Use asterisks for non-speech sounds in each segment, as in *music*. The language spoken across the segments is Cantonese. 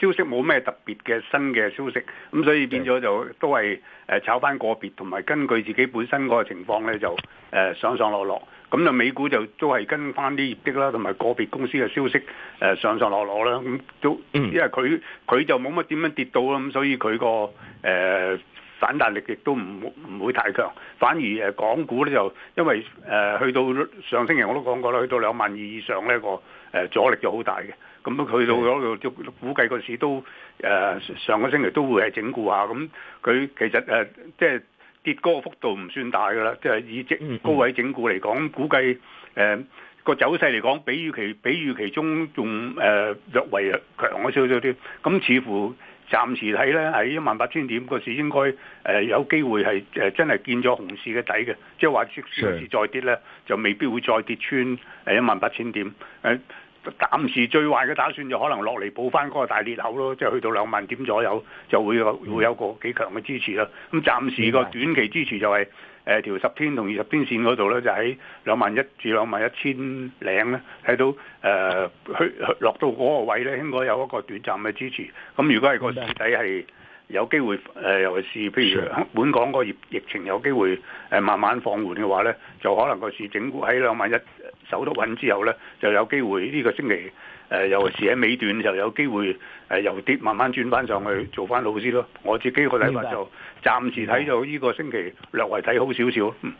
消息冇咩特別嘅新嘅消息，咁所以變咗就都係誒、啊、炒翻個別，同埋根據自己本身個情況咧就誒、啊、上上落落，咁就美股就都係跟翻啲業績啦，同埋個別公司嘅消息誒、啊、上上落落啦，咁、啊、都因為佢佢就冇乜點樣跌到啦，咁所以佢個誒反彈力亦都唔唔會太強，反而誒港股咧就因為誒去到上星期我都講過啦，去到兩萬二以上呢個誒、啊、阻力就好大嘅。咁佢到咗度，估計個市都上個星期都會係整固下。咁佢其實即係、呃就是、跌高個幅度唔算大㗎啦。即、就、係、是、以高位整固嚟講，估計個、呃、走勢嚟講，比預期比預期中仲誒略為強咗少少啲。咁似乎暫時睇咧，喺一萬八千點個市應該、呃、有機會係、呃、真係見咗熊市嘅底嘅。即係話，即使再跌咧，就未必會再跌穿一萬八千點、呃暫時最壞嘅打算就可能落嚟補翻嗰個大裂口咯，即、就、係、是、去到兩萬點左右就會有，會有個幾強嘅支持啦。咁暫時個短期支持就係、是、誒、呃、條十天同二十天線嗰度咧，就喺兩萬一至兩萬一千零，咧，睇到誒去落到嗰個位咧，應該有一個短暫嘅支持。咁如果係個市底係。有機會誒、呃，尤其是譬如本港個疫疫情有機會、呃、慢慢放緩嘅話咧，就可能個市整固喺兩萬一手都揾之後咧，就有機會呢個星期誒、呃，尤其是喺尾段就有機會誒由跌慢慢轉翻上去做翻老師咯。我自己個睇法就暫時睇到呢個星期略為睇好少少。嗯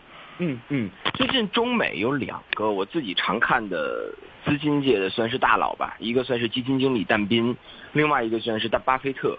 嗯嗯，最近中美有兩個我自己常看的資金界的算是大佬吧，一個算是基金經理但斌，另外一個算是巴菲特。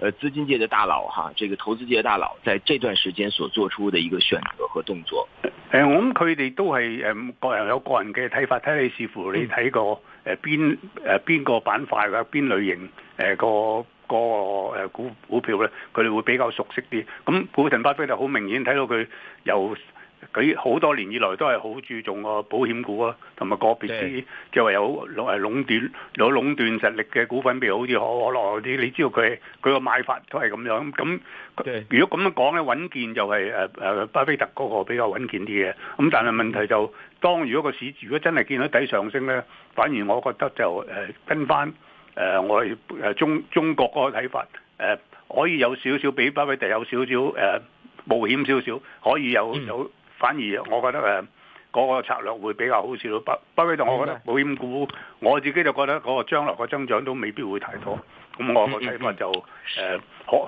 誒，資金界的大佬哈，這個投資界的大佬在這段時間所做出的一個選擇和動作，誒、嗯，我諗佢哋都係誒各人有各人嘅睇法，睇你視乎你睇過誒邊誒邊個板塊嘅邊類型誒個個誒股股票咧，佢哋會比較熟悉啲。咁股神巴菲特好明顯睇到佢有。佢好多年以來都係好注重個保險股啊，同埋個別啲即係話有壟斷有壟斷實力嘅股份，譬如好似可口可樂嗰啲，你知道佢佢個賣法都係咁樣。咁如果咁樣講咧，穩健就係、誒誒、巴菲特嗰個比較穩健啲嘅。咁、啊、但係問題就是、當如果個市如果真係見到底上升咧，反而我覺得就、啊、跟翻、啊、我哋誒、啊、中中國嗰個睇法、啊、可以有少少比巴菲特有少少誒、啊、冒險少少，可以有有。嗯反而我覺得誒嗰、呃那個策略會比較好少咯。巴，巴菲特，我覺得保險股我自己就覺得嗰個將來個增長都未必會太多。咁我個睇法就誒、嗯呃、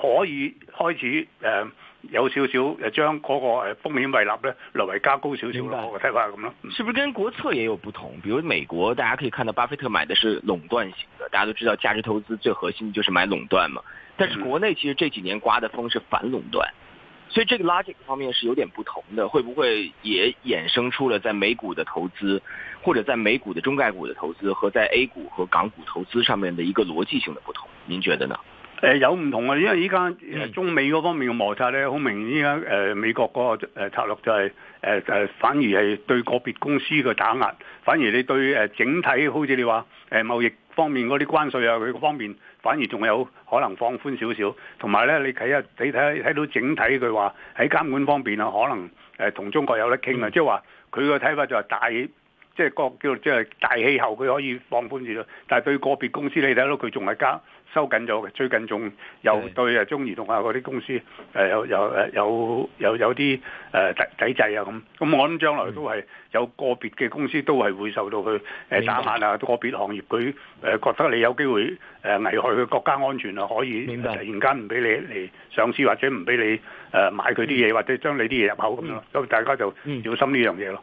可可以開始誒、呃、有少少誒將嗰個誒風險位立咧略為加高少少咯。我個睇法係咁咯。是不是跟國策也有不同？比如美國，大家可以看到巴菲特買的是壟斷型的。大家都知道價值投資最核心就是買壟斷嘛。但是國內其實這幾年刮的風是反壟斷。嗯嗯所以這個 logic 方面是有點不同的，會不會也衍生出了在美股的投資，或者在美股的中概股的投資和在 A 股和港股投資上面的一個邏輯性的不同？您覺得呢？呃、有唔同啊，因為依家中美嗰方面嘅摩擦咧，好、嗯、明顯依家美國嗰個策略就係、是呃、反而係對個別公司嘅打壓，反而你對整體好似你話貿、呃、易方面嗰啲關稅啊佢嗰方面。反而仲有可能放寬少少，同埋咧，你睇下，你睇睇到整體佢話喺監管方面啊，可能誒同、呃、中國有得傾啊，即係話佢個睇法就係大。即係個叫即係大氣候，佢可以放寬住咯。但係對個別公司你看，你睇到佢仲係加收緊咗嘅。最近仲又對啊，中移動啊嗰啲公司誒有有誒有有有啲誒抵抵制啊咁。咁我諗將來都係有個別嘅公司都係會受到佢誒打壓啊。個別行業佢誒覺得你有機會誒危害佢國家安全啊，可以突然間唔俾你嚟上市或者唔俾你誒買佢啲嘢，或者將你啲嘢入口咁樣。咁、嗯、大家就要小心呢樣嘢咯。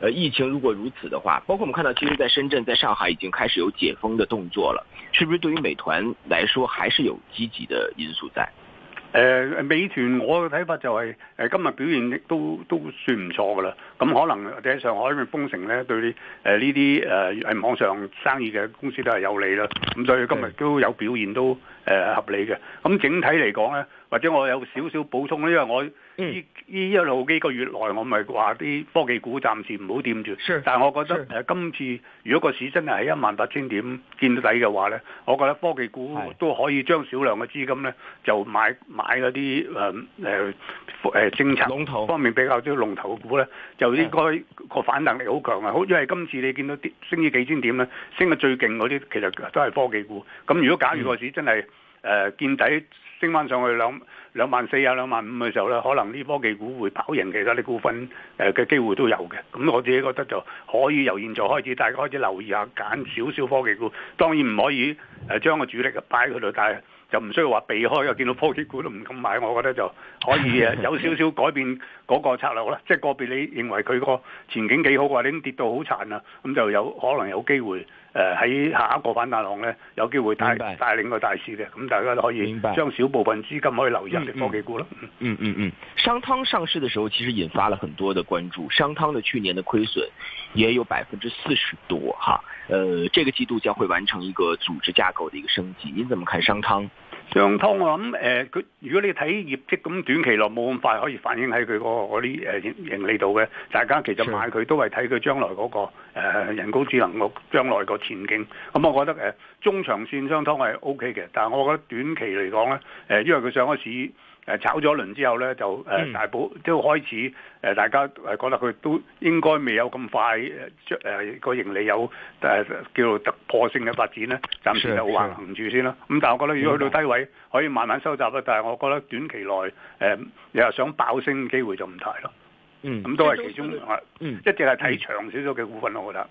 呃，疫情如果如此的話，包括我們看到，其實，在深圳、在上海已經開始有解封的動作了，是不是對於美團來說還是有積極的因素在？誒、呃，美團我嘅睇法就係、是，誒、呃、今日表現亦都都算唔錯噶啦。咁可能我喺上海呢封城咧，對你誒呢啲誒喺網上生意嘅公司都係有利啦。咁所以今日都有表現都誒、呃、合理嘅。咁整體嚟講咧。或者我有少少補充，因為我呢、嗯、一路幾個月來，我咪話啲科技股暫時唔好掂住。但係我覺得、呃、今次如果個市真係喺一萬八千點見到底嘅話呢，我覺得科技股都可以將少量嘅資金呢就買買嗰啲誒誒政策方面比較啲龍頭股呢，就應該個反能力好強啊！好，因為今次你見到升咗幾千點呢，升到最勁嗰啲其實都係科技股。咁如果假如個市真係誒、嗯呃、見底。升翻上去兩兩萬四啊兩萬五嘅時候咧，可能呢科技股會跑贏其他啲股份誒嘅機會都有嘅。咁我自己覺得就可以由現在開始，大家開始留意一下，揀少少科技股。當然唔可以誒將個主力嘅擺喺佢度，但係就唔需要話避開，又見到科技股都唔敢買，我覺得就可以誒有少少改變嗰個策略啦。即 *laughs* 係個別你認為佢個前景幾好嘅話，你已經跌到好殘啦，咁就有可能有機會誒喺、呃、下一個反彈浪咧，有機會帶帶領個大市嘅，咁大家都可以將少部分資金可以流入啲科技股咯。嗯嗯嗯，嗯，商湯上市嘅時候其實引發了很多的關注，商湯的去年的虧損也有百分之四十多哈。誒、呃，這個季度將會完成一個組織架構的一個升級，你怎麼看商湯？商湯，我諗誒，佢、呃、如果你睇業績咁短期內冇咁快可以反映喺佢個嗰啲誒盈利度嘅，大家其實買佢都係睇佢將來嗰、那個誒、呃、人工智能個將來個前景。咁我覺得誒、呃、中長線商湯係 OK 嘅，但係我覺得短期嚟講咧，誒、呃、因為佢上咗市。誒炒咗一輪之後咧，就誒大部都開始誒、呃，大家誒覺得佢都應該未有咁快誒，個、呃、盈利有誒、呃、叫做突破性嘅發展咧，暫時就橫行住先啦。咁但係我覺得如果去到低位、嗯，可以慢慢收集啦。但係我覺得短期內誒、呃、又想爆升嘅機會就唔大咯。嗯，咁都係其中啊、嗯，一直係睇長少少嘅股份咯、嗯，我覺得。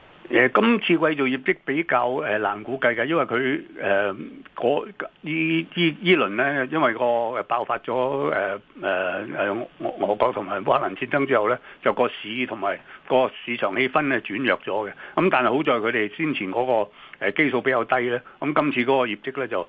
誒，今次季度業績比較誒難估計嘅，因為佢誒依依依輪咧，因為個爆發咗我誒誒俄俄國同埋烏克蘭戰爭之後咧，就個市同埋個市場氣氛咧轉弱咗嘅。咁但係好在佢哋先前嗰個基數比較低咧，咁今次嗰個業績咧就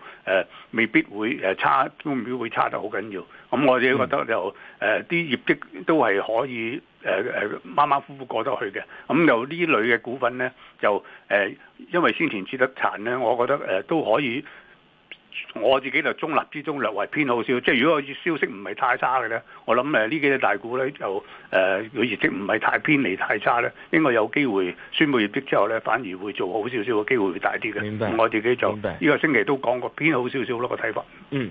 未必會誒差，都唔會會差得好緊要。咁我自己覺得就誒啲、嗯呃、業績都係可以。誒誒馬馬虎虎過得去嘅，咁又呢類嘅股份呢，就誒、呃、因為先前跌得慘呢，我覺得誒、呃、都可以，我自己就中立之中略為偏好少，即係如果消息唔係太差嘅呢，我諗誒呢幾隻大股呢，就誒佢業績唔係太偏離太差呢，應該有機會宣佈業績之後呢，反而會做好少少嘅機會會大啲嘅。明白，我自己就呢、這個星期都講過偏好少少咯個睇法。嗯。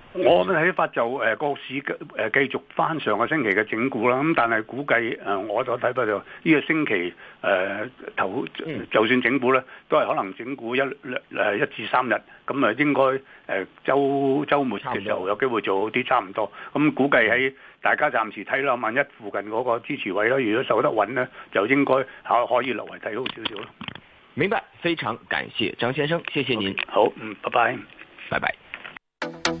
我嘅睇法就誒，呃、各市誒繼、呃、續翻上個星期嘅整固啦。咁但係估計誒、呃，我就睇法就呢個星期誒、呃，頭就算整固咧，都係可能整固一誒一至三日。咁誒，應該誒周周末嘅時候有機會做好啲，差唔多。咁估計喺大家暫時睇啦，萬一附近嗰個支持位咧，如果受得穩咧，就應該可可以留嚟睇好少少咯。明白，非常感謝張先生，謝謝您。Okay, 好，嗯，拜拜，拜拜。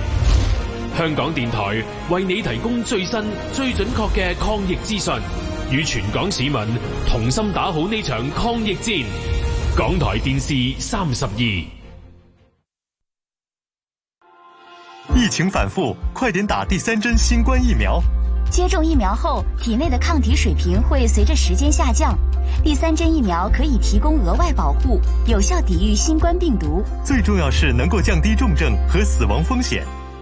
香港電台為你提供最新、最準確嘅抗疫資訊，與全港市民同心打好呢場抗疫戰。港台電視三十二，疫情反復，快點打第三針新冠疫苗。接種疫苗後，體內的抗體水平會隨着時間下降，第三針疫苗可以提供額外保護，有效抵禦新冠病毒。最重要是能夠降低重症和死亡風險。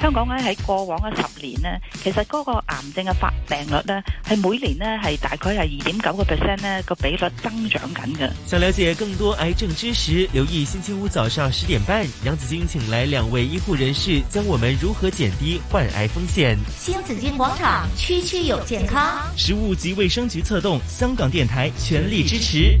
香港咧喺過往嘅十年呢，其實嗰個癌症嘅發病率呢，係每年呢，係大概係二點九個 percent 呢個比率增長緊嘅。想了解更多癌症知識，留意星期五早上十點半，楊子矜請來兩位醫護人士，教我們如何減低患癌風險。新紫荊廣場區區有健康，食物及衛生局策動，香港電台全力支持。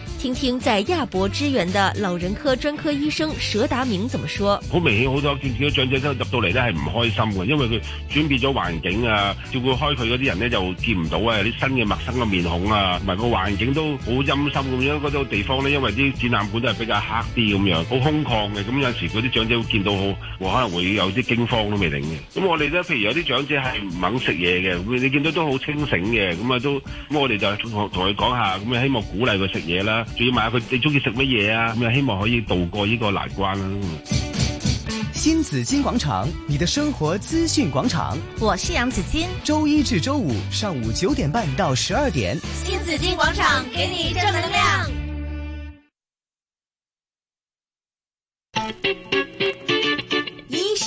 聽聽在亞博支援嘅老人科專科醫生佘達明怎麼說：好明顯好多見，見到長者都入到嚟咧係唔開心嘅，因為佢轉變咗環境啊，照顧開佢嗰啲人咧就見唔到啊，有啲新嘅陌生嘅面孔啊，同埋個環境都好陰森咁樣，嗰種地方咧，因為啲展覽館都係比較黑啲咁樣，好空曠嘅。咁、嗯、有陣時嗰啲長者會見到好，我可能會有啲驚慌都未定嘅。咁、嗯、我哋咧，譬如有啲長者係唔肯食嘢嘅，你見到都好清醒嘅，咁、嗯、啊都，咁、嗯、我哋就同同佢講下，咁、嗯、啊希望鼓勵佢食嘢啦。仲要買佢最中意食乜嘢啊！咁又希望可以渡過呢個難關啦。新紫荊廣場，你的生活資訊廣場，我是楊子矜。周一至周五上午九點半到十二點，新紫荊廣場給你正能量。 *noise*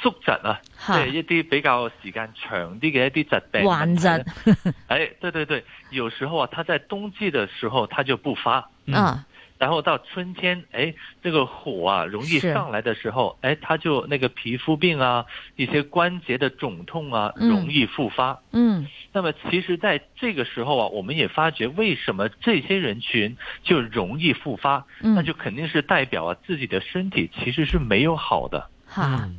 宿疾啊，對一啲比較時間長啲嘅一啲疾病。頑疾，誒，對對對，有時候啊，它在冬季的時候，它就不發。嗯，嗯，然後到春天，哎這個火啊，容易上來的時候，哎它就那個皮膚病啊，一些關節的腫痛啊，容易復發。嗯，嗯，那麼其實，在這個時候啊，我們也發覺，為什麼這些人群就容易復發？嗯，那就肯定是代表啊，自己的身體其實是沒有好的。哈。嗯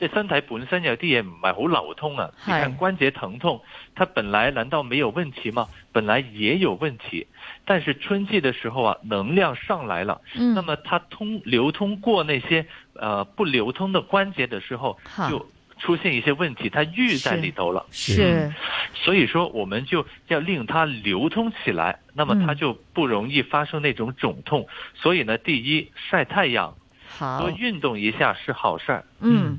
啲身體本身有啲嘢唔係好流通啊，你看關節疼痛，它本來難道沒有問題嗎？本來也有問題。但是春季的時候啊，能量上來了，那麼它通流通過那些，呃，不流通的關節的時候，就出現一些問題。它淤在裏頭了，是，所以說我們就要令它流通起來，那麼它就不容易發生那種腫痛，所以呢，第一，曬太陽好，多運動一下是好事，嗯。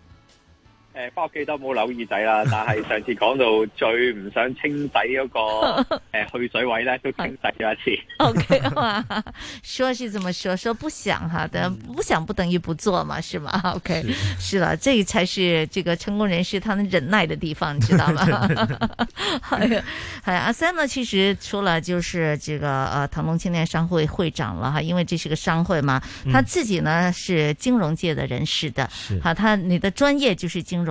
誒，不過記得冇留意仔啦。但係上次講到最唔想清洗嗰個誒去水位咧，都清洗咗一次。O K 啊嘛，說是這麼說，說不想哈，但不想不等於不做嘛，是嘛？O K，是啦，這才是這個成功人士他能忍耐的地方，你知道嗎？好呀，好呀。阿 Sam 呢，其實除了就是這個，呃、啊，騰龍青年商會會長啦，哈，因為這是個商會嘛，嗯、他自己呢是金融界的人士的，好，他你的專業就是金融。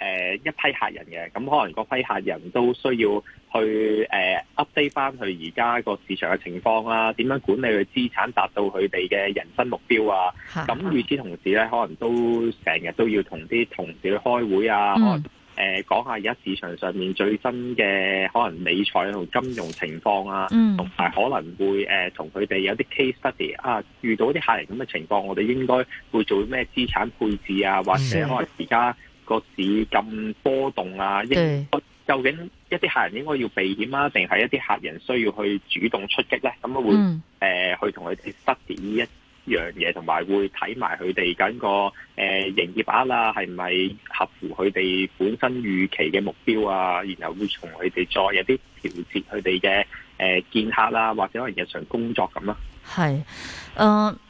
誒一批客人嘅，咁可能嗰批客人都需要去誒 update 翻佢而家個市場嘅情況啦，點樣管理佢資產，達到佢哋嘅人生目標啊。咁與此同時咧，可能都成日都要同啲同事去開會啊，誒、嗯呃、講下而家市場上面最新嘅可能理財同金融情況啊，同、嗯、埋可能會誒同佢哋有啲 case study 啊，遇到啲客人咁嘅情況，我哋應該會做咩資產配置啊，或者可能而家。嗯個市咁波動啊，究竟一啲客人應該要避險啊，定係一啲客人需要去主動出擊呢？咁樣會誒、嗯呃，去同佢哋 study 呢一樣嘢，同埋會睇埋佢哋緊個誒營業額啊，係咪合乎佢哋本身預期嘅目標啊？然後會同佢哋再有啲調節佢哋嘅誒見客啦、啊，或者可能日常工作咁啊。係，嗯、呃。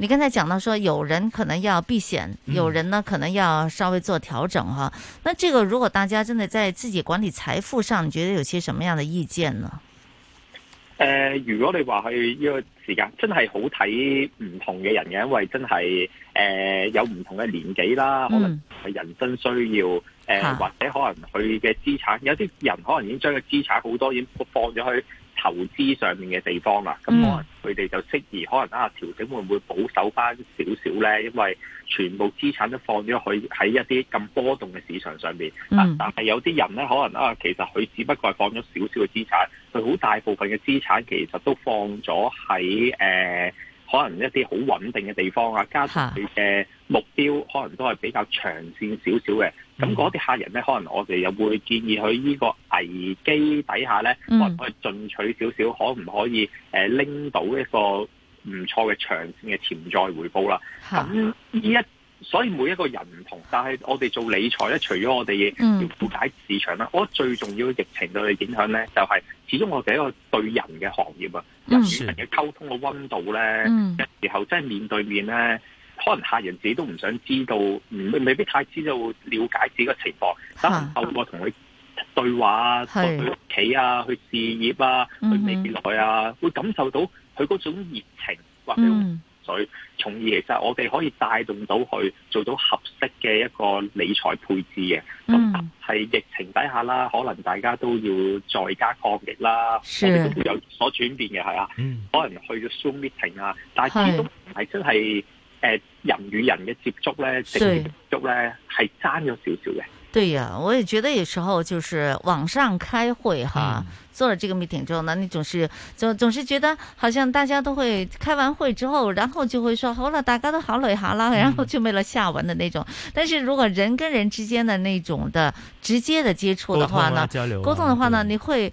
你剛才講到說有人可能要避險，有人呢可能要稍微做調整哈。那這個如果大家真的在自己管理財富上，你覺得有些什麼樣的意見呢？誒、呃，如果你話去呢個時間真係好睇唔同嘅人嘅，因為真係誒、呃、有唔同嘅年紀啦，嗯、可能佢人生需要，誒、呃啊、或者可能佢嘅資產，有啲人可能已經將個資產好多已經放咗去。投資上面嘅地方啦，咁可能佢哋就適宜可能啊調整，會唔會保守返少少咧？因為全部資產都放咗佢喺一啲咁波動嘅市場上面。啊，但係有啲人咧，可能啊，其實佢只不過係放咗少少嘅資產，佢好大部分嘅資產其實都放咗喺誒，可能一啲好穩定嘅地方啊，加上佢嘅目標可能都係比較長線少少嘅。咁嗰啲客人咧，可能我哋又會建議佢呢個危機底下咧，可以進取少少，可唔可以拎、呃、到一個唔錯嘅長線嘅潛在回報啦？咁呢，嗯嗯、一，所以每一個人唔同，但係我哋做理財咧，除咗我哋、嗯、要瞭解市場啦，我覺得最重要疫情對佢影響咧，就係、是、始終我哋一個對人嘅行業啊，嗯、人與人嘅溝通嘅溫度咧，嘅時候真係面對面咧。可能客人自己都唔想知道，未必太知道了解自己嘅情況，可能透過同佢對話，啊，佢屋企啊，去事業啊、嗯，去未來啊，會感受到佢嗰種熱情、嗯、或者水。從而其實我哋可以帶動到佢做到合適嘅一個理財配置嘅。咁、嗯、係疫情底下啦，可能大家都要在家抗疫啦，我哋都會有所轉變嘅，係啊、嗯。可能去咗 Zoom meeting 啊，但係始終唔係真係。人與人嘅接觸咧，直接接觸咧，係爭咗少少嘅。對呀、啊，我也覺得有時候就是網上開會哈，嗯，做了這個 meeting 之後呢，你總是就總是覺得好像大家都會開完會之後，然後就會說好了，大家都好累好啦，嗯，然後就沒了下文的那種。但是如果人跟人之間的那種的直接的接觸的話呢，溝通、交流啊、溝通的話呢，嗯、你會。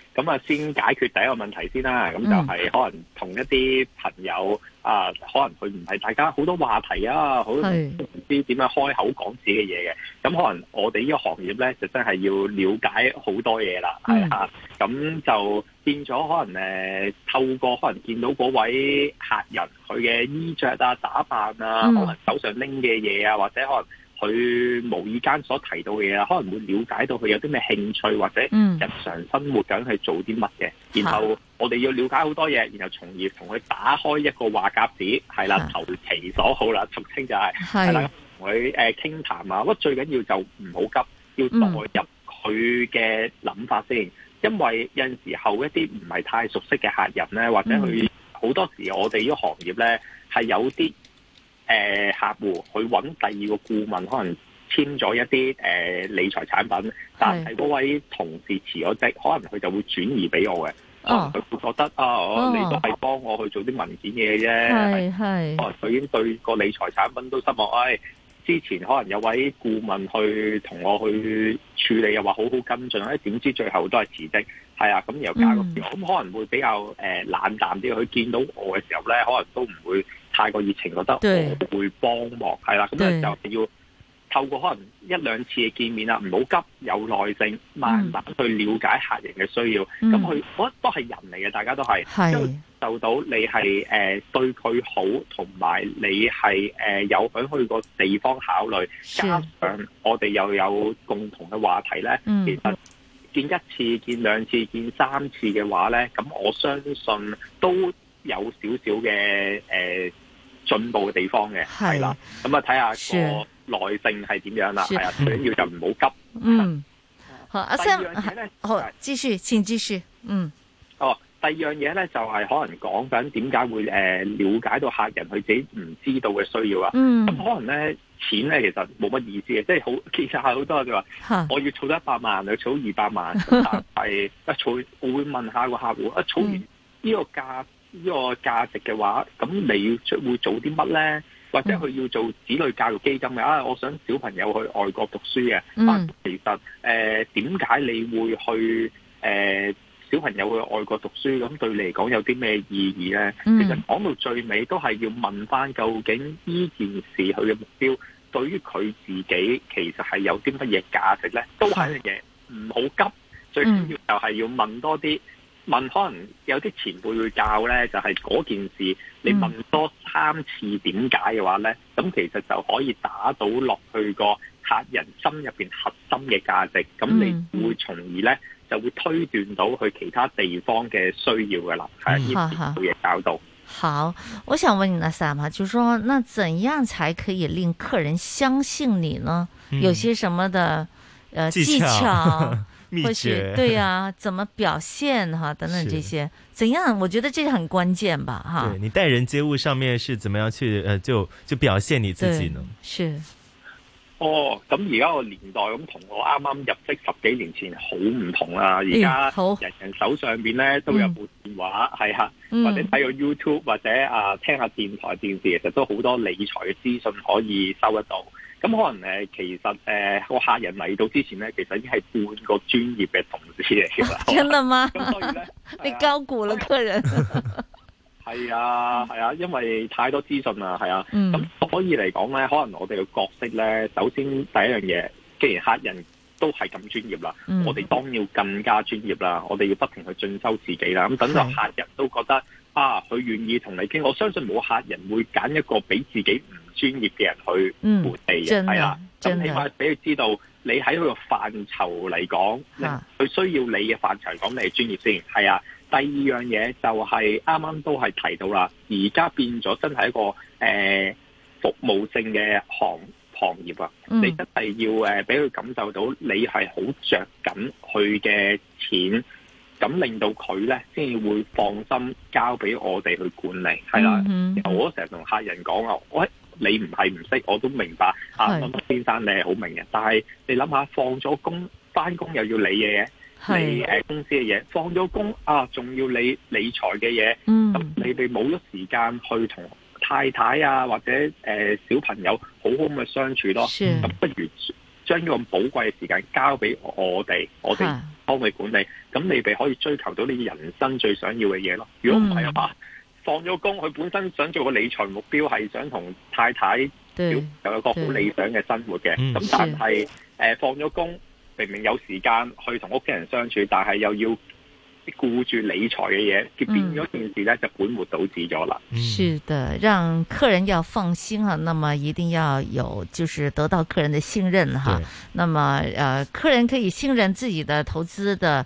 咁啊，先解決第一個問題先啦。咁就係可能同一啲朋友、嗯、啊，可能佢唔係大家好多話題啊，好唔知點樣開口講自己嘅嘢嘅。咁可能我哋呢個行業咧，就真係要了解好多嘢啦，係、嗯、啊。咁就變咗可能、誒、透過可能見到嗰位客人佢嘅衣着啊、打扮啊，嗯、可能手上拎嘅嘢啊，或者可能。佢無意間所提到嘅嘢，可能會了解到佢有啲咩興趣，或者日常生活緊去做啲乜嘅。然後我哋要了解好多嘢，然後從而同佢打開一個話匣子，係啦，投其所好啦，俗稱就係係啦，同佢誒傾談啊。我覺得最緊要就唔好急，要代入佢嘅諗法先、嗯，因為有陣時候一啲唔係太熟悉嘅客人呢，或者佢好、嗯、多時我哋呢個行業呢係有啲。誒、呃，客戶去揾第二個顧問，可能簽咗一啲誒、呃、理財產品，但係嗰位同事辭咗職，可能佢就會轉移俾我嘅。哦，佢、啊、會覺得啊，我、哦、你都係幫我去做啲文件嘢啫。係係。哦，可能佢已經對個理財產品都失望。哎，之前可能有位顧問去同我去處理，又話好好跟進，哎，點知最後都係辭職。係啊，咁又加個咁、嗯、可能會比較誒、呃、冷淡啲。佢見到我嘅時候咧，可能都唔會。太過熱情，覺得我會幫忙，係啦，咁樣，就要透過可能一兩次嘅見面啦，唔好急，有耐性，慢慢去了解客人嘅需要。咁、嗯、佢，我都係人嚟嘅，大家都係，嗯、受到你係誒、呃、對佢好，同埋你係誒、呃、有喺佢去個地方考慮，加上我哋又有共同嘅話題咧、嗯，其實見一次、見兩次、見三次嘅話咧，咁我相信都有少少嘅誒。呃進步嘅地方嘅係啦，咁啊睇下個耐性係點樣啦，係啊，最緊要就唔好急。嗯，阿 Sam、啊、好，繼續，請繼續，嗯，哦，第二樣嘢咧就係、是、可能講緊點解會誒、呃、了解到客人佢自己唔知道嘅需要啊。嗯，咁可能咧錢咧其實冇乜意思嘅，即係好，其實係好多嘅話、嗯，我要儲一百萬去儲二百萬，係啊儲我會問一下客戶、啊、個客戶，一儲完呢個價。呢個價值嘅話，咁你要出會做啲乜呢？或者佢要做子女教育基金嘅啊？我想小朋友去外國讀書嘅啊，其實誒點解你會去誒小朋友去外國讀書？咁對你嚟講有啲咩意義呢？其實講到最尾都係要問翻，究竟呢件事佢嘅目標對於佢自己其實係有啲乜嘢價值呢？都係嘅，唔好急，最緊要就係要問多啲。問，可能有啲前輩會教咧，就係、是、嗰件事你問多三次點解嘅話咧，咁、嗯、其實就可以打到落去個客人心入面核心嘅價值，咁、嗯、你會從而咧就會推斷到去其他地方嘅需要嘅啦，係、嗯。好嘢搞到。好，我想問你 Sam，下，就係、是、說，那怎樣才可以令客人相信你呢？嗯、有些什麼的，呃技巧？ *laughs* 或是對啊，怎麼表現哈，等等這些，怎樣？我覺得這個很關鍵吧，哈。對，你待人接物上面是怎麼樣去，呃，就就表現你自己呢？是。哦，咁而家個年代咁同我啱啱入職十幾年前好唔同啊。而家好，人人手上邊咧都有部電話，係、嗯、吓、啊，或者睇個 YouTube 或者啊聽下電台、電視，其實都好多理財嘅資訊可以收得到。咁可能誒，其實，誒、呃，個客人嚟到之前咧，其實已經係半個專業嘅同事嚟嘅。真係嗎 *laughs* 你教過啦，多人。係啊，係啊，啊，因為太多資訊是啊，係、嗯、啊。咁所以嚟講咧，可能我哋嘅角色咧，首先第一樣嘢，既然客人都係咁專業啦、嗯，我哋當要更加專業啦，我哋要不停去進修自己啦。咁等到客人都覺得啊，佢願意同你傾，我相信冇客人會揀一個俾自己唔。專業嘅人去管理係啦，咁起碼俾佢知道你喺佢嘅範疇嚟講，佢、啊、需要你嘅範疇嚟講你係專業先係啊。第二樣嘢就係啱啱都係提到啦，而家變咗真係一個誒、呃、服務性嘅行行業啊、嗯！你真係要誒俾佢感受到你係好着緊佢嘅錢，咁令到佢咧先會放心交俾我哋去管理係啦、啊嗯。我成日同客人講啊，喂！你唔係唔識，我都明白。啊，先生你係好明嘅，但係你諗下，放咗工翻工又要理嘢，你誒、呃、公司嘅嘢，放咗工啊，仲要理理財嘅嘢，咁、嗯、你哋冇咗時間去同太太啊或者誒、呃、小朋友好好咁相處咯。咁不如將呢個寶貴嘅時間交俾我哋，我哋幫你管理，咁你哋可以追求到你人生最想要嘅嘢咯。如果唔係嘅話，嗯啊放咗工，佢本身想做個理財目標，係想同太太有一個好理想嘅生活嘅。咁但係誒、呃、放咗工，明明有時間去同屋企人相處，但係又要顧住理財嘅嘢，變咗件事咧就本末倒置咗啦。是的，讓客人要放心啊，那麼一定要有，就是得到客人的信任哈。那麼，誒、呃，客人可以信任自己的投資的。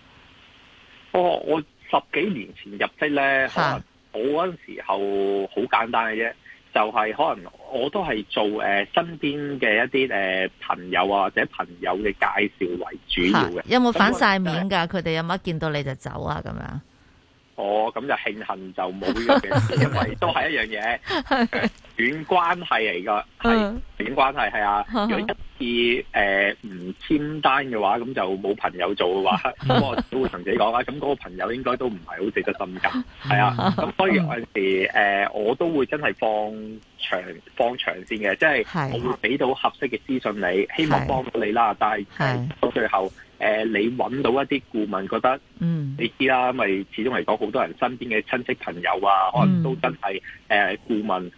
我我十幾年前入職咧，吓我嗰陣時候好簡單嘅啫，就係、是、可能我都係做誒身邊嘅一啲誒朋友啊，或者朋友嘅介紹為主要嘅。有冇反晒面噶？佢哋、就是、有冇一見到你就走啊？咁樣？我咁就慶幸就冇呢樣嘅， *laughs* 因為都係一樣嘢、 *laughs* 呃，短關係嚟㗎，係短關係係啊。如果一次唔、呃、簽單嘅話，咁就冇朋友做嘅話，咁我都會同自己講啊。咁嗰個朋友應該都唔係好值得深交，係啊。咁 *laughs* 所以有陣時、呃、我都會真係放。長放長先嘅，即係我會俾到合適嘅資訊你，希望幫到你啦。但係到最後，誒、呃，你揾到一啲顧問覺得，嗯，你知啦，因為始終嚟講，好多人身邊嘅親戚朋友啊，嗯、可能都真係，誒、呃，顧問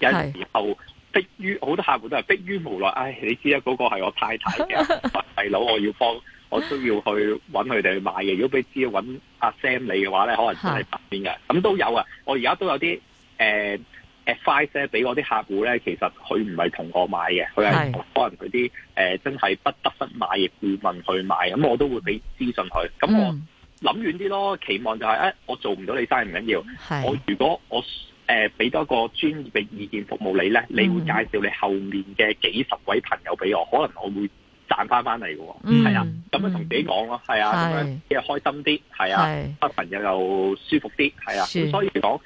有陣時候逼於好多客戶都係逼於無奈。唉，你知啦，嗰、那個係我太太嘅細佬， *laughs* 我要幫，我都要去揾佢哋去買嘢。如果俾知揾阿 Sam 你嘅話呢，可能真係白邊嘅。咁都有啊，我而家都有啲，誒、呃。誒 f i c 俾我啲客戶咧，其實佢唔係同我買嘅，佢係可能佢啲誒真係不得不買，亦會問佢買，咁、嗯、我都會俾資訊佢。咁、嗯、我諗遠啲咯，期望就係、是、誒、哎，我做唔到你生意唔緊要。我如果我誒俾、呃、多一個專業嘅意見服務你咧，你會介紹你後面嘅幾十位朋友俾我，可能我會賺翻翻嚟嘅。係、嗯、啊，咁樣同自己講咯，係、嗯、啊，咁樣即係開心啲，係啊，得朋友又舒服啲，係啊，咁所以講。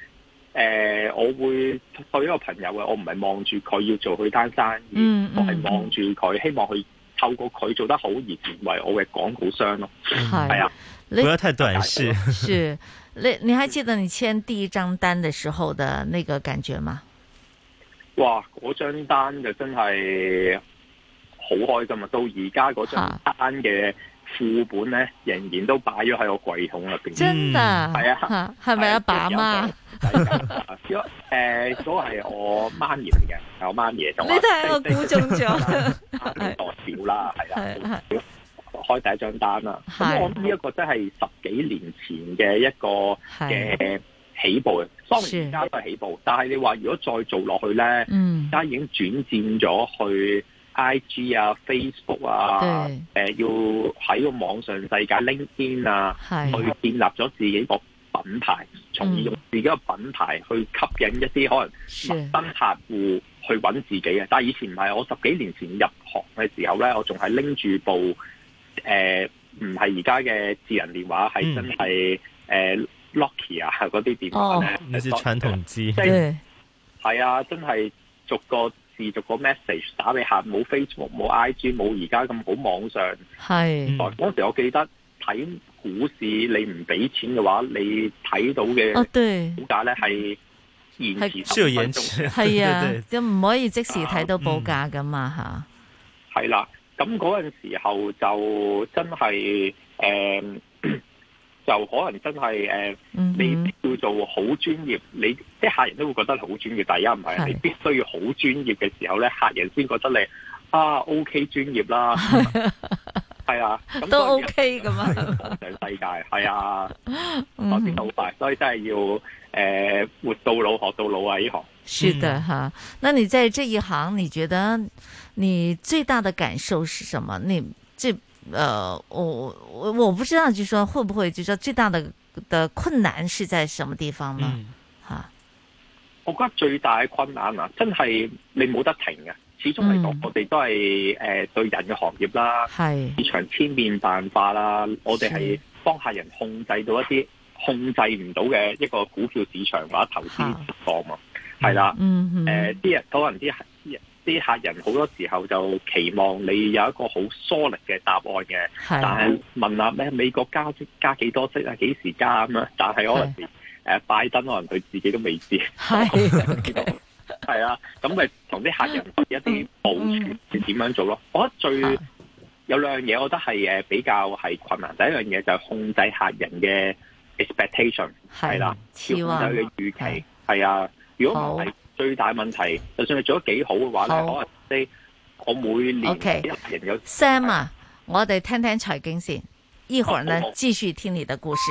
誒、呃，我會對一個朋友嘅，我唔係望住佢要做佢單生意，嗯嗯、我係望住佢，希望佢透過佢做得好而成為我嘅廣告商咯。係、嗯、啊，你，不要太短視。是，你你還記得你簽第一張單嘅時候的那個感覺嗎？嗯、哇，嗰張單就真係好開心啊！到而家嗰張單嘅。單的副本咧仍然都擺咗喺個櫃桶入邊。真啊、嗯、係啊，係啊，係咪阿爸阿媽？因為誒都係我媽爺嘅，我媽爺咁。你都係我估中咗，嗯就係就係就係、 *laughs* 係多少啦？係啦、啊，係係開第一張單啦。咁我呢一個真係十幾年前嘅一個嘅起步嘅，當然而家都係起步，但係你話如果再做落去咧，而、嗯、家已經轉戰咗去。I G 啊，Facebook 啊，誒、呃，要喺個網上世界 LinkedIn 啊，去建立咗自己個品牌，從而用自己個品牌去吸引一啲可能陌生客戶去揾自己啊。但係以前唔係，我十幾年前入行嘅時候咧，我仲係拎住部誒唔係而家嘅智能電話，係真係誒、嗯呃、Lucky 啊，啲電話咧，嗰啲傳統機，即係係啊，真係逐個。持續個 message 打俾客，冇 Facebook 冇 IG 冇而家咁好網上。係，當時我記得睇股市，你唔俾錢嘅話，你睇到嘅，哦對，報價咧係延遲十分鐘，係 *laughs* 啊，就唔可以即時睇到報價噶嘛吓係、啊嗯、啦，咁嗰陣時候就真係就可能真係誒、呃，你叫做好專業，mm -hmm. 你即係客人都會覺得你好專業。但係而家唔係你必須要好專業嘅時候咧，客人先覺得你啊 OK 專業啦。係 *laughs* 啊、嗯，都 OK 咁啊。世界係啊，發展好快，所以真係要誒活到老學到老啊！呢行是的哈。 *laughs* 那你在這一行，你覺得你最大的感受是什麼？你即。誒、呃，我我我我不知道，就說會不會，就說最大的困難是在什麼地方呢？嗯啊、我覺得最大嘅困難啊，真係你冇得停啊。始終嚟講、嗯、我哋都係誒、呃、對人嘅行業啦，市場千變萬化啦，我哋係幫客人控制到一啲控制唔到嘅一個股票市場或者投資方向嘛，係、嗯、啦，誒、嗯、啲、呃、人可能啲。啲客人好多時候就期望你有一個好 solid 嘅答案嘅、啊，但係問下咧，美國加息加幾多息啊？幾時加啊？但係可能誒拜登可能佢自己都未知，係 *laughs* *laughs* 啊，咁咪同啲客人一啲保存，點樣做咯、嗯？我覺得最有兩樣嘢，我覺得係誒比較係困難。第一樣嘢就係控制客人嘅 expectation，係啦，調、啊、控佢嘅預期，係啊，啊，如果唔係。最大問題，就算你做得幾好嘅話咧，可能哋我每年 o、okay. k Sam 啊，我哋聽聽財經先，一會兒呢繼續聽你的故事。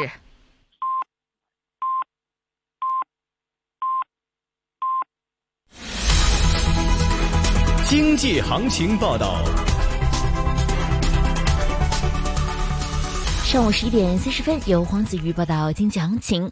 經濟行情報道，上午十一點三十分，由黃子瑜報道經濟行情。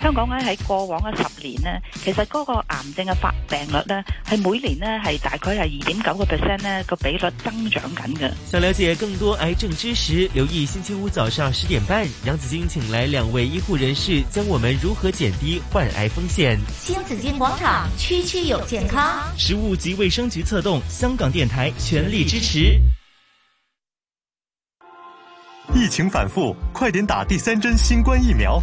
香港咧，喺過往嘅十年呢，其實嗰個癌症嘅發病率呢，係每年呢，係大概係二點九個 percent 呢個比率增長緊嘅。想了解更多癌症知識，留意星期五早上十點半，楊子矜請來兩位醫護人士，教我們如何減低患癌風險。新紫荊廣場區區有健康，食物及衛生局策動，香港電台全力支持。疫情反復，快點打第三針新冠疫苗。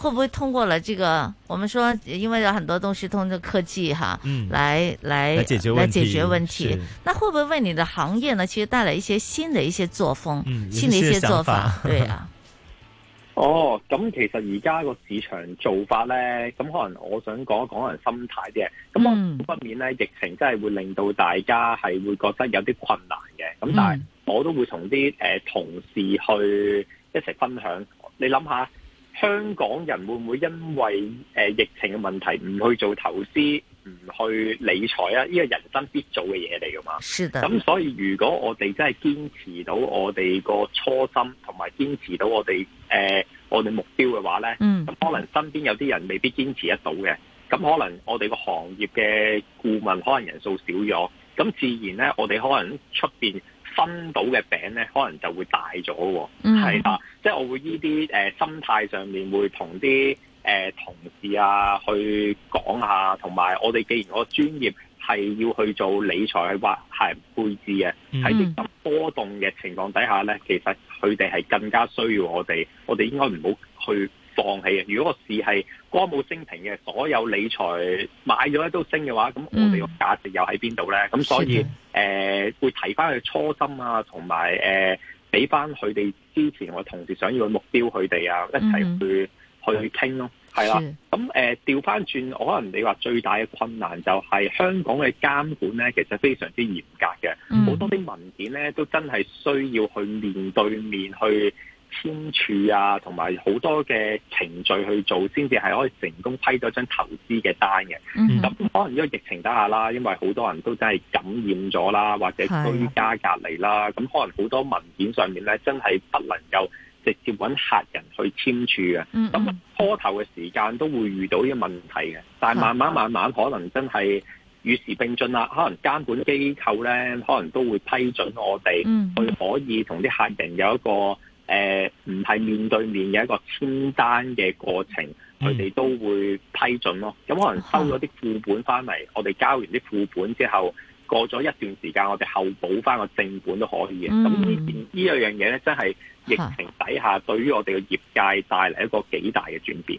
會不會通過了這個？我們說，因為有很多東西通過科技哈，嗯、來來解決來解決問題，解決問題。那會不會為你的行業呢？其實帶來一些新的一些作風，嗯、新的一些做法，嗯、對啊。哦，咁其實而家個市場做法呢？咁可能我想講一講講人心態啫。咁我不免呢，疫情真係會令到大家係會覺得有啲困難嘅。咁、嗯、但係我都會同啲誒同事去一齊分享。你諗下。香港人會唔會因為誒疫情嘅問題唔去做投資，唔去理財啊？呢個人生必做嘅嘢嚟噶嘛。咁所以如果我哋真係堅持到我哋個初心，同埋堅持到我哋誒、呃，我哋目標嘅話咧，咁可能身邊有啲人未必堅持得到嘅。咁可能我哋個行業嘅顧問可能人數少咗，咁自然咧我哋可能出邊。分到嘅餅咧，可能就會大咗，喎、嗯。啊！即係我會依啲心態上面會同啲同事啊去講下，同埋我哋既然個專業係要去做理財或係配置嘅，喺啲咁波動嘅情況底下咧，其實佢哋係更加需要我哋，我哋應該唔好去。 *noise* 嗯 *noise* 放棄啊！如果個市係歌舞升平嘅，所有理財買咗咧都升嘅話，咁我哋個價值又喺邊度咧？咁、mm -hmm. 所以誒、呃，會提翻佢初心啊，同埋誒，俾翻佢哋之前我同事想要嘅目標，佢哋啊，一齊去、mm -hmm. 去傾咯，係啦。咁誒，調翻轉，我、呃、可能你話最大嘅困難就係香港嘅監管咧，其實非常之嚴格嘅，好、mm -hmm. 多啲文件咧都真係需要去面對面去。簽署啊，同埋好多嘅程序去做，先至係可以成功批咗張投資嘅單嘅。咁、嗯、可能因為疫情底下啦，因為好多人都真係感染咗啦，或者居家隔離啦，咁可能好多文件上面咧真係不能夠直接揾客人去簽署嘅。咁、嗯嗯、初頭嘅時間都會遇到呢個問題嘅，但係慢慢慢慢可能真係與時並進啦，可能監管機構咧，可能都會批准我哋去、嗯嗯、可以同啲客人有一個。誒唔係面對面嘅一個簽單嘅過程，佢、嗯、哋都會批准咯。咁可能收咗啲副本翻嚟、啊，我哋交完啲副本之後，過咗一段時間，我哋後補翻個正本都可以嘅。咁、嗯、呢件呢樣嘢咧，真係疫情底下對於我哋嘅業界帶嚟一個幾大嘅轉變。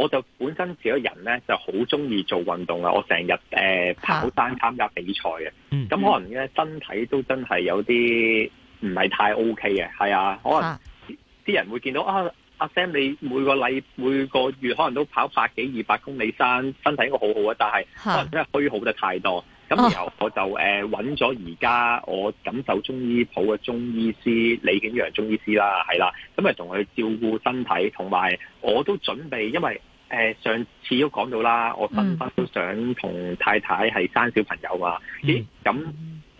我就本身自己個人咧，就好中意做運動啊！我成日誒跑山參加比賽嘅，咁、啊、可能咧身體都真係有啲唔係太 OK 嘅。係啊，可能啲、啊、人會見到啊，阿 Sam 你每個禮每個月可能都跑百幾二百公里山，身體應該好好啊。但係可能真係虛耗得太多。咁然後我就誒揾咗而家我感受中醫鋪嘅中醫師李景陽中醫師啦，係啦、啊，咁咪同佢照顧身體，同埋我都準備因為。誒上次都講到啦，我分分都想同太太係生小朋友啊。Mm. 咦，咁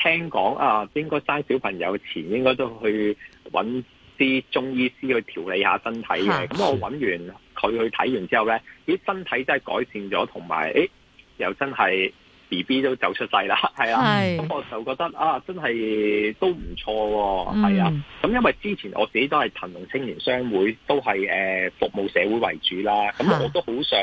聽講啊，應該生小朋友前應該都去搵啲中醫師去調理下身體嘅。咁我搵完佢去睇完之後咧，咦，身體真係改善咗，同埋誒又真係。B B 都走出世啦，係啊，咁我就覺得啊，真係都唔錯喎，係啊，咁、嗯啊、因為之前我自己都係騰龍青年商會，都係、呃、服務社會為主啦，咁我都好想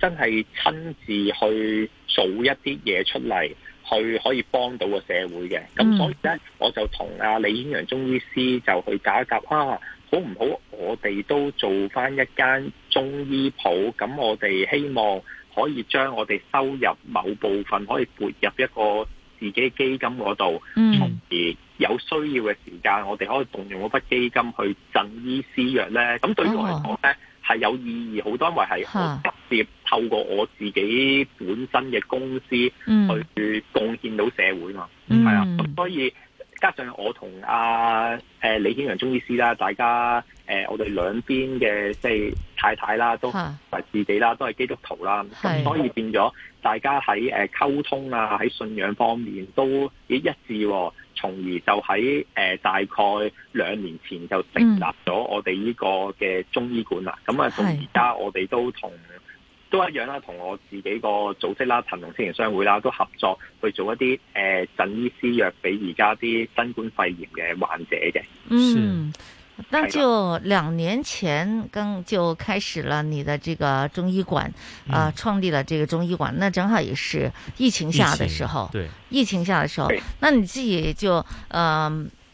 真係親自去做一啲嘢出嚟，去可以幫到個社會嘅，咁、嗯、所以咧，我就同阿李顯陽中醫師就去夾一夾：「啊，好唔好？我哋都做翻一間中醫鋪，咁我哋希望。可以將我哋收入某部分可以撥入一個自己的基金嗰度、嗯，從而有需要嘅時間，我哋可以動用嗰筆基金去贈醫施藥呢，咁對於我嚟講呢，係有意義。好多位係直接透過我自己本身嘅公司去貢獻到社會嘛。係、嗯、啊，咁所以。加上我同阿誒李顯陽中醫師啦，大家誒、呃、我哋兩邊嘅即係太太啦，都係、啊、自己啦，都係基督徒啦，咁所以變咗大家喺誒、呃、溝通啊，喺信仰方面都一致、哦，從而就喺誒、呃、大概兩年前就成立咗、嗯、我哋呢個嘅中醫館啦。咁、嗯、啊，到而家我哋都同。都一樣啦，同我自己個組織啦、騰龍青年商會啦，都合作去做一啲誒贈醫施藥俾而家啲新冠肺炎嘅患者嘅。嗯，那就兩年前剛就開始了你的這個中醫館啊、呃，創立了這個中醫館、嗯，那正好也是疫情下的時候。疫情，對，疫情下的時候，那你自己就嗯。呃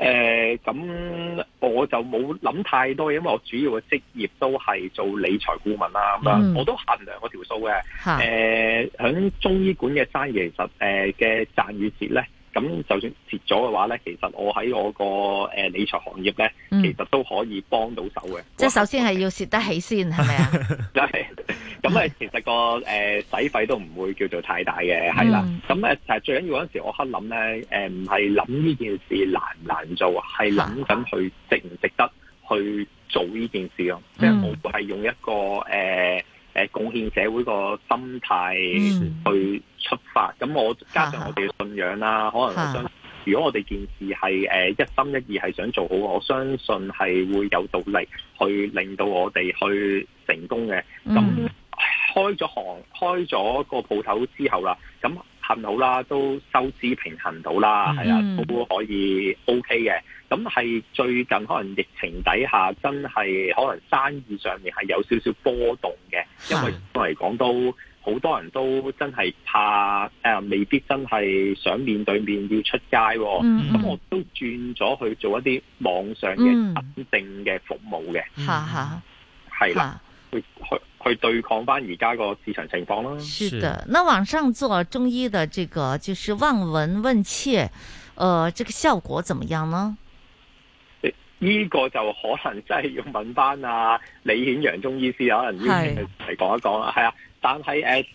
誒、呃，咁我就冇諗太多，因為我主要嘅職業都係做理財顧問啦，咁、嗯、啊，我都衡量個條數嘅。誒，響中醫館嘅生意其實，誒嘅賺與蝕咧。咁就算蝕咗嘅話咧，其實我喺我個誒理財行業咧，其實都可以幫到手嘅。即、嗯、係首先係要蝕得起先，係咪啊？係、嗯。咁 *laughs* 其實、個誒使、呃、費都唔會叫做太大嘅，係啦。咁最緊要嗰陣時，我刻諗咧，唔係諗呢件事難唔難做，係諗緊佢值唔值得去做呢件事咯、嗯。即係我係用一個、呃貢獻社會個心態去出發，咁、嗯、我加上我哋嘅信仰啦，可能我想哈哈，如果我哋件事係誒一心一意係想做好，我相信係會有動力去令到我哋去成功嘅。咁、嗯、開咗行，開咗個鋪頭之後啦，咁幸好啦，都收支平衡到啦，係、嗯、啊，都可以 OK 嘅。咁、嗯、係最近可能疫情底下，真係可能生意上面係有少少波動嘅，因為嚟講都好多人都真係怕誒、呃，未必真係想面對面要出街、哦，咁、嗯嗯、我都轉咗去做一啲網上嘅穩定嘅服務嘅，吓、嗯、吓，係、嗯、啦，去去去對抗返而家個市場情況啦。是的，那網上做中醫的這個就是望聞問切，呃，這個效果怎麼樣呢？呢、這個就可能真係要問翻啊李顯楊中醫師，可能要請佢嚟講一講啦，係啊。但係誒，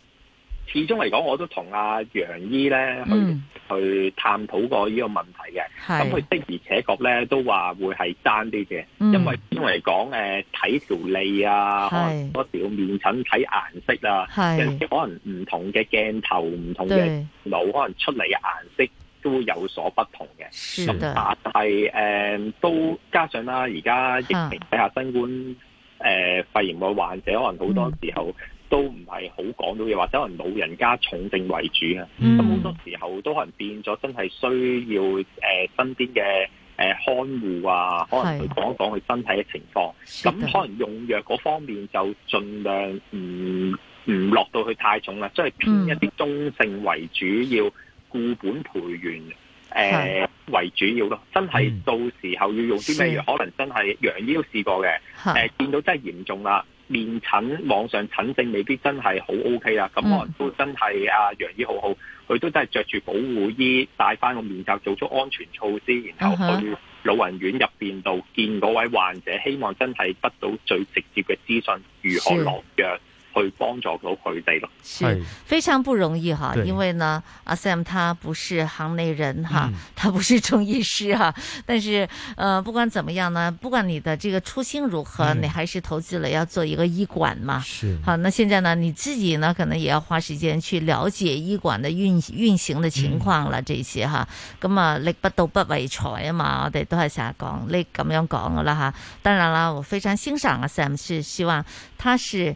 始終嚟講，我都同阿楊醫咧、嗯、去去探討過呢個問題嘅。咁佢的而且確咧都話會係爭啲嘅，因為因為嚟講誒睇條脷啊，可能時要面診睇顏色啊，甚至可能唔同嘅鏡頭、唔同嘅腦，可能出嚟嘅顏色，都有所不同嘅，咁但係誒、呃、都加上啦、啊，而家疫情底下新冠誒、呃、肺炎嘅患者，可能好多時候都唔係好講到嘢、嗯，或者可能老人家重症為主啊，咁、嗯、好多時候都可能變咗真係需要誒、呃、身邊嘅誒、呃、看護啊，可能去講一講佢身體嘅情況，咁可能用藥嗰方面就盡量唔唔落到佢太重啦，即、就、係、是、偏一啲中性為主要。固本培元，誒、呃、為主要咯。真係到時候要用啲咩藥？可能真係楊醫都試過嘅。誒、呃，見到真係嚴重啦，面診網上診症未必真係、OK、好 OK 啦。咁我都真係阿楊醫好好，佢都真係着住保護衣，戴翻個面罩，做出安全措施，然後去老人院入邊度見嗰位患者，希望真係得到最直接嘅資訊，如何落藥。去幫助到佢哋咯，是非常不容易哈，因為呢，阿 Sam 他不是行內人哈、嗯，他不是中醫師哈，但是，呃，不管怎麼樣呢，不管你的這個初心如何，嗯、你還是投資了要做一個醫館嘛，是好。那現在呢，你自己呢，可能也要花時間去了解醫館的運運行的情況了、嗯、這些哈，咁啊，力不到不為財嘛，我哋都係想講，你咁樣講噶啦哈。當然啦，我非常欣賞阿 Sam，是希望他是。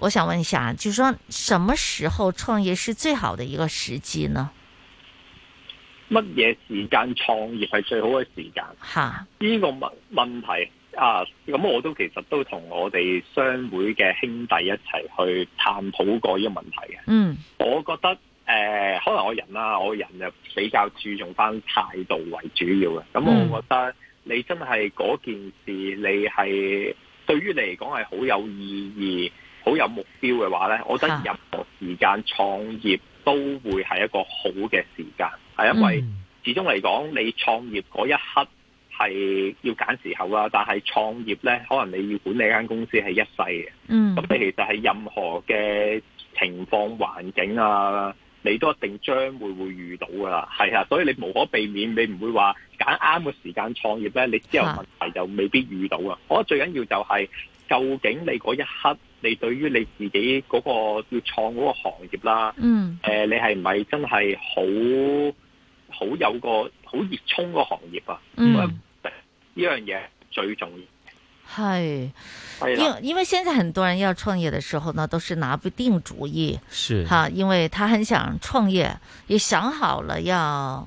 我想問一下，就說什麼時候創業是最好的一個時機呢？乜嘢時間創業係最好嘅時間？吓，呢個問問題啊，咁我都其實都同我哋商會嘅兄弟一齊去探討過呢個問題嘅。嗯，我覺得誒，可能我人啦，我人就比較注重翻態度為主要嘅。咁我覺得你真係嗰件事，你係對於你嚟講係好有意義，好有目標嘅話呢，我覺得任何時間創業都會係一個好嘅時間，係、嗯、因為始終嚟講，你創業嗰一刻係要揀時候啦。但係創業呢，可能你要管理間公司係一世嘅。咁、嗯、你其實係任何嘅情況環境啊，你都一定將會會遇到噶啦，係啊。所以你無可避免，你唔會話揀啱個時間創業呢，你之後問題就未必遇到喇、嗯。我覺得最緊要就係、是、究竟你嗰一刻。你對於你自己嗰個要創嗰個行業啦，嗯，呃、你係唔係真係好好有個好熱衷個行業啊？嗯，呢樣嘢最重要。係，因因為現在很多人要創業的時候呢，都是拿不定主意，是、啊、因為他很想創業，也想好了要。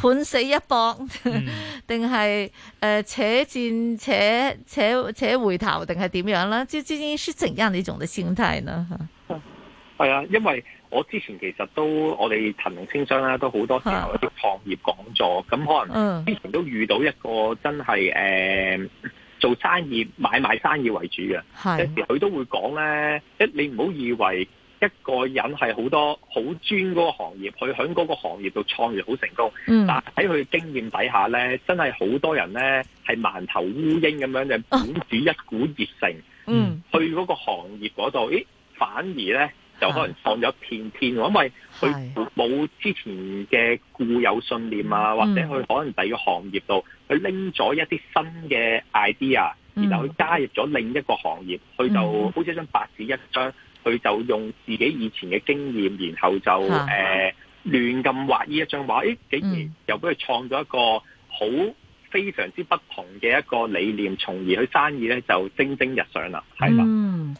拼死一搏，定係誒且戰且且且回頭，定係點樣咧？即係至於輸成依樣，你仲咩心態咧？係啊，因為我之前其實都我哋騰龍青商啦，都好多時候做創業講座，咁、啊、可能之前都遇到一個真係誒、呃、做生意買賣生意為主嘅、啊，有時佢都會講咧，即你唔好以為，一個人係好多好專嗰個行業，佢喺嗰個行業度創業好成功。嗯、但喺佢經驗底下呢，真係好多人呢係盲頭烏蠅咁樣嘅，本住一股熱誠。嗯，去嗰個行業嗰度，咦？反而呢就可能放咗一片天，因為佢冇之前嘅固有信念啊，或者佢可能第二個行業度佢拎咗一啲新嘅 idea、嗯、然後佢加入咗另一個行業，佢、嗯、就好似張白紙一張。佢就用自己以前嘅經驗，然後就誒亂咁畫呢一張畫，誒、啊呃、竟然又俾佢創咗一個好非常之不同嘅一個理念，從、嗯、而去生意咧就蒸蒸日上啦，係嘛？嗯，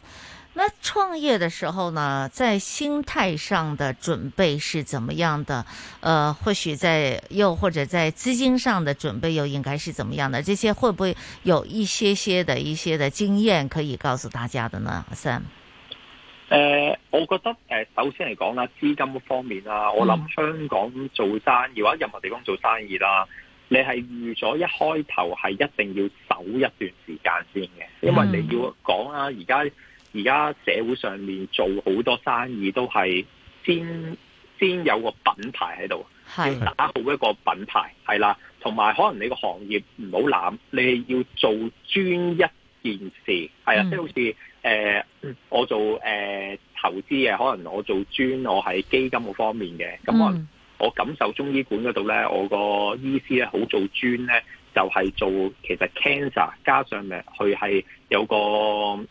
那創業嘅時候呢，在心態上的準備是怎麼樣的？呃，或許在又或者在資金上的準備又應該是怎麼樣的？這些會不會有一些些的一些的經驗可以告訴大家的呢？Sam？誒、呃，我覺得誒、呃，首先嚟講啦，資金方面啦、嗯，我諗香港做生意或者任何地方做生意啦，你係預咗一開頭係一定要守一段時間先嘅、嗯，因為你要講啦，而家而家社會上面做好多生意都係先、嗯、先有個品牌喺度，要打好一個品牌，係啦，同埋可能你個行業唔好攬，你係要做專一件事，係啊，即、嗯、係、就是、好似。誒、呃，我做誒、呃、投資嘅，可能我做專，我喺基金嗰方面嘅，咁我、嗯、我感受中醫館嗰度咧，我個醫師咧好做專咧，就係、是、做其實 cancer 加上咪佢係有個誒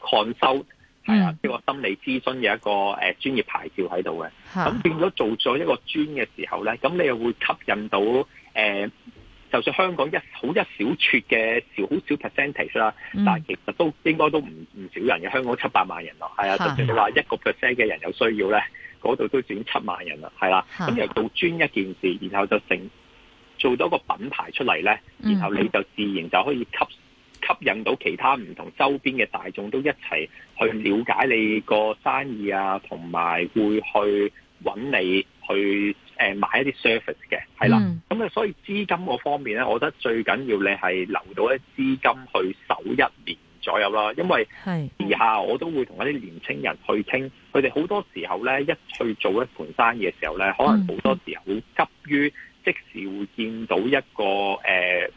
consult 係啊，即、呃、係、嗯、個心理諮詢嘅一個誒專業牌照喺度嘅，咁變咗做咗一個專嘅時候咧，咁你又會吸引到誒。呃就算香港一好一小撮嘅少好少 percentage 啦，但係其實都應該都唔唔少人嘅。香港七百萬人咯，係啊，就算你話一個 percent 嘅人有需要咧，嗰度都算七萬人啦，係啦。咁又到專一件事，然後就成做到個品牌出嚟咧，然後你就自然就可以吸吸引到其他唔同周邊嘅大眾都一齊去了解你個生意啊，同埋會去揾你去。誒買一啲 service 嘅，係啦，咁、嗯、啊，所以資金嗰方面咧，我覺得最緊要你係留到一資金去守一年左右啦。因為而下我都會同一啲年青人去傾，佢哋好多時候咧，一去做一盤生意嘅時候咧、嗯，可能好多時候好急於即時會見到一個誒、呃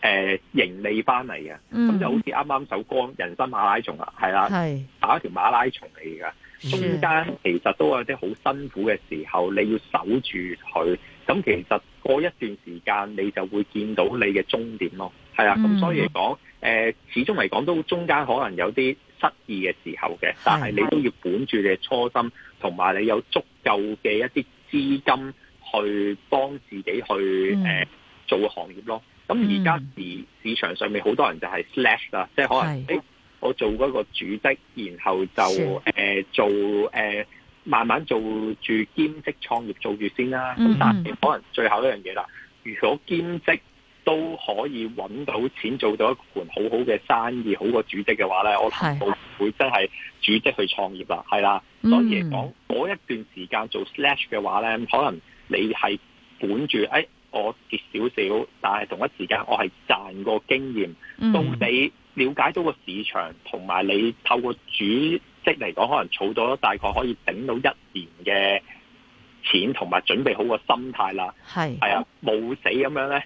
呃，盈利翻嚟嘅。咁、嗯、就好似啱啱首歌人生馬拉松啊，係啦，打一條馬拉松嚟嘅。中間其實都有啲好辛苦嘅時候，你要守住佢。咁其實過一段時間，你就會見到你嘅終點咯。係啦、啊，咁、嗯、所以講，誒，始終嚟講都中間可能有啲失意嘅時候嘅，但係你都要管住你嘅初心，同埋你有足夠嘅一啲資金去幫自己去誒、嗯、做行業咯。咁而家市市場上面好多人就係 slash 啦，即、就、係、是、可能誒。我做嗰個主職，然後就誒、呃、做誒、呃、慢慢做住兼職創業做住先啦。咁、嗯、但係可能最後一樣嘢啦，如果兼職都可以揾到錢，做到一盤好好嘅生意，好過主職嘅話咧，我冇會真係主職去創業啦，係啦。所以講嗰、嗯、一段時間做 slash 嘅話咧，可能你係本住誒我跌少少，但係同一時間我係賺個經驗，到底。嗯了解到個市場，同埋你透過主職嚟講，可能儲咗大概可以頂到一年嘅錢，同埋準備好個心態啦。係係啊，冇死咁樣咧，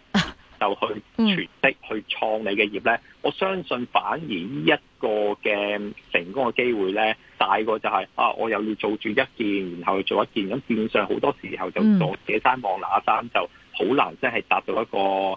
就去全職去創你嘅業咧、嗯。我相信反而呢一個嘅成功嘅機會咧，大過就係、是、啊，我又要做住一件，然後做一件，咁變相好多時候就做呢山望嗰山，嗯、就好難真係達到一個。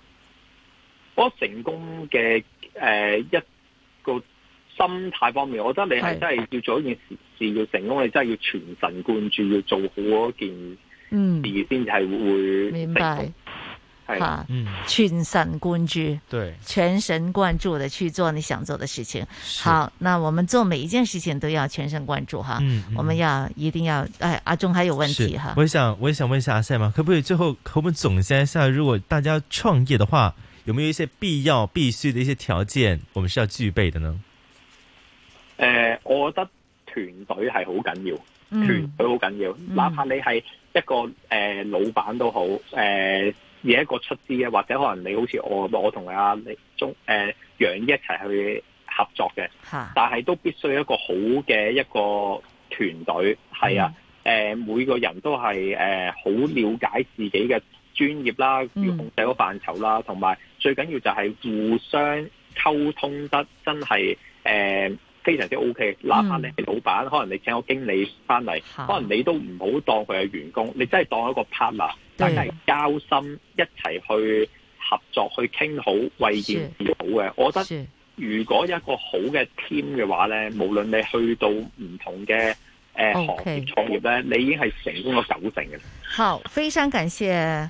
我成功嘅誒一個心態方面，我覺得你係真係要做一件事，事要成功，你真係要全神貫注，要做好嗰件事嗯事先係會明白係嗯全神，全神貫注對全神貫注的去做你想做的事情。好，那我們做每一件事情都要全神貫注哈嗯嗯，我們要一定要誒、哎。阿中，還有問題哈？我想我想問一下阿 s a 嘛，可不可以最後可我們總結一下，如果大家創業的話？有冇一些必要、必須的一些條件，我們是要具備的呢？誒、呃，我覺得團隊係好緊要，團隊好緊要、嗯。哪怕你係一個誒、呃、老闆都好，誒、呃、而一個出資嘅，或者可能你好似我我同阿中誒楊一一齊去合作嘅，但係都必須一個好嘅一個團隊係啊。誒、嗯呃，每個人都係誒好了解自己嘅。專業啦，唔控制個範疇啦，同、嗯、埋最緊要就係互相溝通得真係誒、呃、非常之 O K。哪怕你係，老闆可能你請個經理翻嚟，可能你都唔好當佢係員工，你真係當一個 partner，大家係交心，一齊去合作去傾好，為件事好嘅。我覺得如果有一個好嘅 team 嘅話咧，無論你去到唔同嘅誒、呃 okay、行業創業咧，你已經係成功咗九成嘅。好，非常感謝。